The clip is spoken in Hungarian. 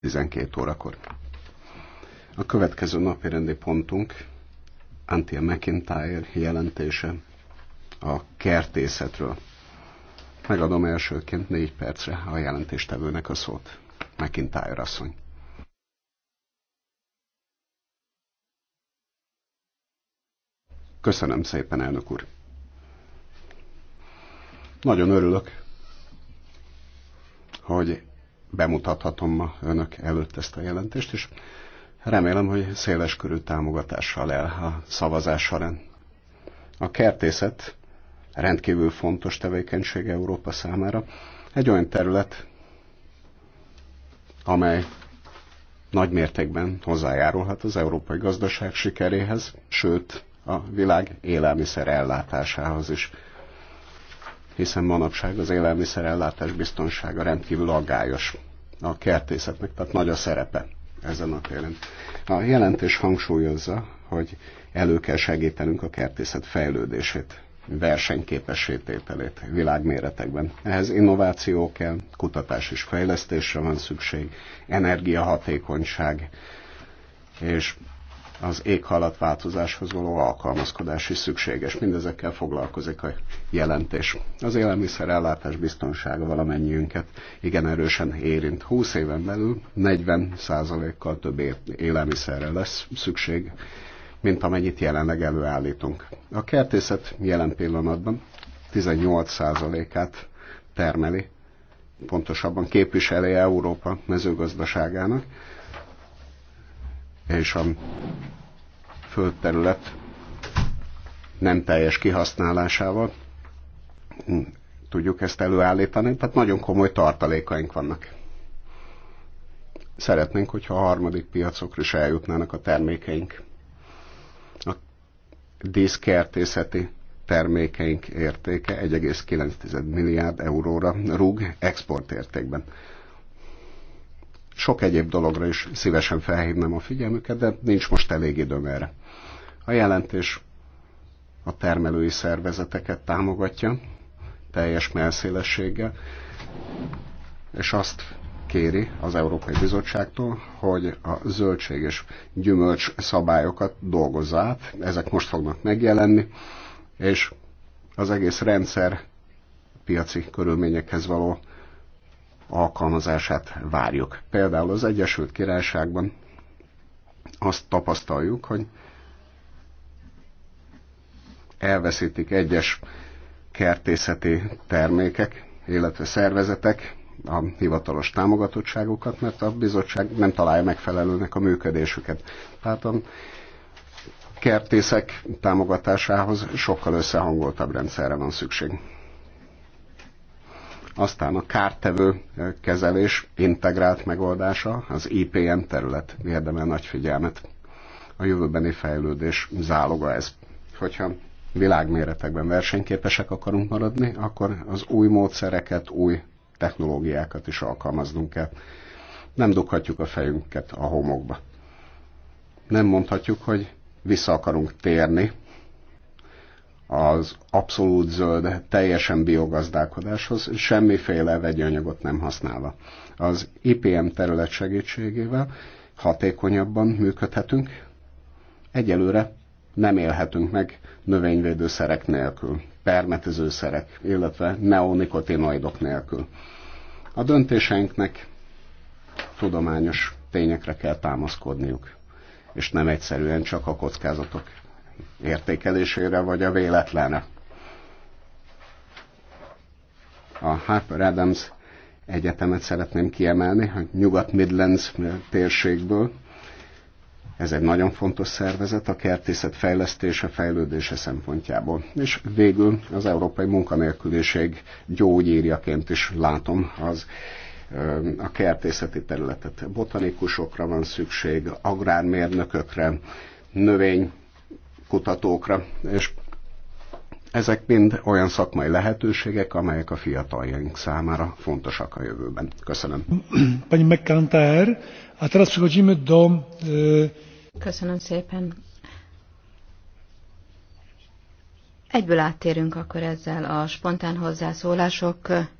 12 órakor. A következő napi rendi pontunk Antia McIntyre jelentése a kertészetről. Megadom elsőként négy percre a jelentéstevőnek a szót. McIntyre asszony. Köszönöm szépen, elnök úr. Nagyon örülök, hogy bemutathatom ma önök előtt ezt a jelentést, és remélem, hogy széles körű támogatással el a szavazás során. A kertészet rendkívül fontos tevékenység Európa számára. Egy olyan terület, amely nagy mértékben hozzájárulhat az európai gazdaság sikeréhez, sőt a világ élelmiszer ellátásához is hiszen manapság az élelmiszerellátás biztonsága rendkívül aggályos a kertészetnek, tehát nagy a szerepe ezen a téren. A jelentés hangsúlyozza, hogy elő kell segítenünk a kertészet fejlődését, versenyképesítételét világméretekben. Ehhez innováció kell, kutatás és fejlesztésre van szükség, energiahatékonyság, és az éghajlatváltozáshoz való alkalmazkodás is szükséges. Mindezekkel foglalkozik a jelentés. Az élelmiszerellátás biztonsága valamennyiünket igen erősen érint. 20 éven belül 40%-kal több élelmiszerre lesz szükség, mint amennyit jelenleg előállítunk. A kertészet jelen pillanatban 18%-át termeli, pontosabban képviseli Európa mezőgazdaságának, és a földterület nem teljes kihasználásával tudjuk ezt előállítani, tehát nagyon komoly tartalékaink vannak. Szeretnénk, hogyha a harmadik piacokra is eljutnának a termékeink. A díszkertészeti termékeink értéke 1,9 milliárd euróra rúg exportértékben. Sok egyéb dologra is szívesen felhívnám a figyelmüket, de nincs most elég időm erre. A jelentés a termelői szervezeteket támogatja teljes melszélességgel, és azt kéri az Európai Bizottságtól, hogy a zöldség és gyümölcs szabályokat dolgozza át, ezek most fognak megjelenni, és az egész rendszer piaci körülményekhez való alkalmazását várjuk. Például az Egyesült Királyságban azt tapasztaljuk, hogy elveszítik egyes kertészeti termékek, illetve szervezetek a hivatalos támogatottságukat, mert a bizottság nem találja megfelelőnek a működésüket. Tehát a kertészek támogatásához sokkal összehangoltabb rendszerre van szükség. Aztán a kártevő eh, kezelés integrált megoldása, az IPM terület érdemel nagy figyelmet. A jövőbeni fejlődés záloga ez. Hogyha világméretekben versenyképesek akarunk maradni, akkor az új módszereket, új technológiákat is alkalmaznunk kell. Nem dughatjuk a fejünket a homokba. Nem mondhatjuk, hogy vissza akarunk térni az abszolút zöld, teljesen biogazdálkodáshoz, semmiféle vegyi anyagot nem használva. Az IPM terület segítségével hatékonyabban működhetünk, egyelőre nem élhetünk meg növényvédőszerek nélkül, permetezőszerek, illetve neonikotinoidok nélkül. A döntéseinknek tudományos tényekre kell támaszkodniuk, és nem egyszerűen csak a kockázatok értékelésére vagy a véletlene. A Harper Adams Egyetemet szeretném kiemelni, a Nyugat Midlands térségből. Ez egy nagyon fontos szervezet a kertészet fejlesztése, fejlődése szempontjából. És végül az európai munkanélküliség gyógyírjaként is látom az a kertészeti területet. Botanikusokra van szükség, agrármérnökökre, növény kutatókra, és ezek mind olyan szakmai lehetőségek, amelyek a fiataljaink számára fontosak a jövőben. Köszönöm. Pani Mekkantár, a teraz przechodzimy do... E, Köszönöm szépen. Egyből áttérünk akkor ezzel a spontán hozzászólások